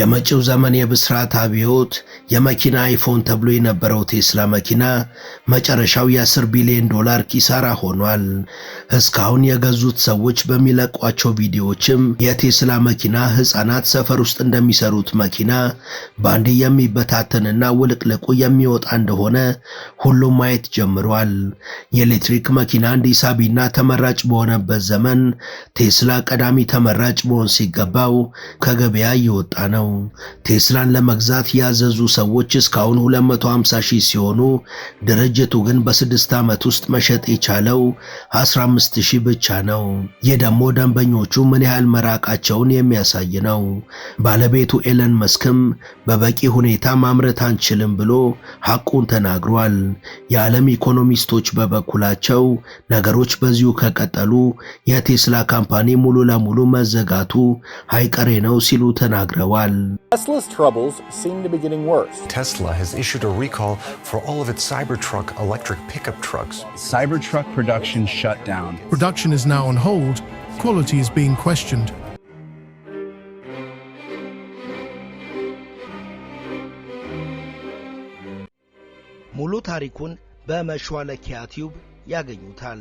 የመጪው ዘመን የብስራት አብዮት የመኪና አይፎን ተብሎ የነበረው ቴስላ መኪና መጨረሻው የ10 ቢሊዮን ዶላር ኪሳራ ሆኗል። እስካሁን የገዙት ሰዎች በሚለቋቸው ቪዲዮዎችም የቴስላ መኪና ሕፃናት ሰፈር ውስጥ እንደሚሰሩት መኪና ባንድ የሚበታተንና ውልቅልቁ የሚወጣ እንደሆነ ሁሉም ማየት ጀምሯል። የኤሌክትሪክ መኪና እንዲሳቢና ተመራጭ በሆነበት ዘመን ቴስላ ቀዳሚ ተመራጭ መሆን ሲገባው ከገበያ እየወጣ ነው። ነው። ቴስላን ለመግዛት ያዘዙ ሰዎች እስካሁን 250 ሺህ ሲሆኑ ድርጅቱ ግን በስድስት ዓመት ውስጥ መሸጥ የቻለው 15 ሺህ ብቻ ነው። ይህ ደግሞ ደንበኞቹ ምን ያህል መራቃቸውን የሚያሳይ ነው። ባለቤቱ ኤለን መስክም በበቂ ሁኔታ ማምረት አንችልም ብሎ ሐቁን ተናግሯል። የዓለም ኢኮኖሚስቶች በበኩላቸው ነገሮች በዚሁ ከቀጠሉ የቴስላ ካምፓኒ ሙሉ ለሙሉ መዘጋቱ አይቀሬ ነው ሲሉ ተናግረዋል። and Tesla's troubles seem to be getting worse. Tesla has issued a recall for all of its Cybertruck electric pickup trucks. Cybertruck production shut down. Production is now on hold. Quality is being questioned. ሙሉ ታሪኩን በመሿለኪያ ቲዩብ ያገኙታል።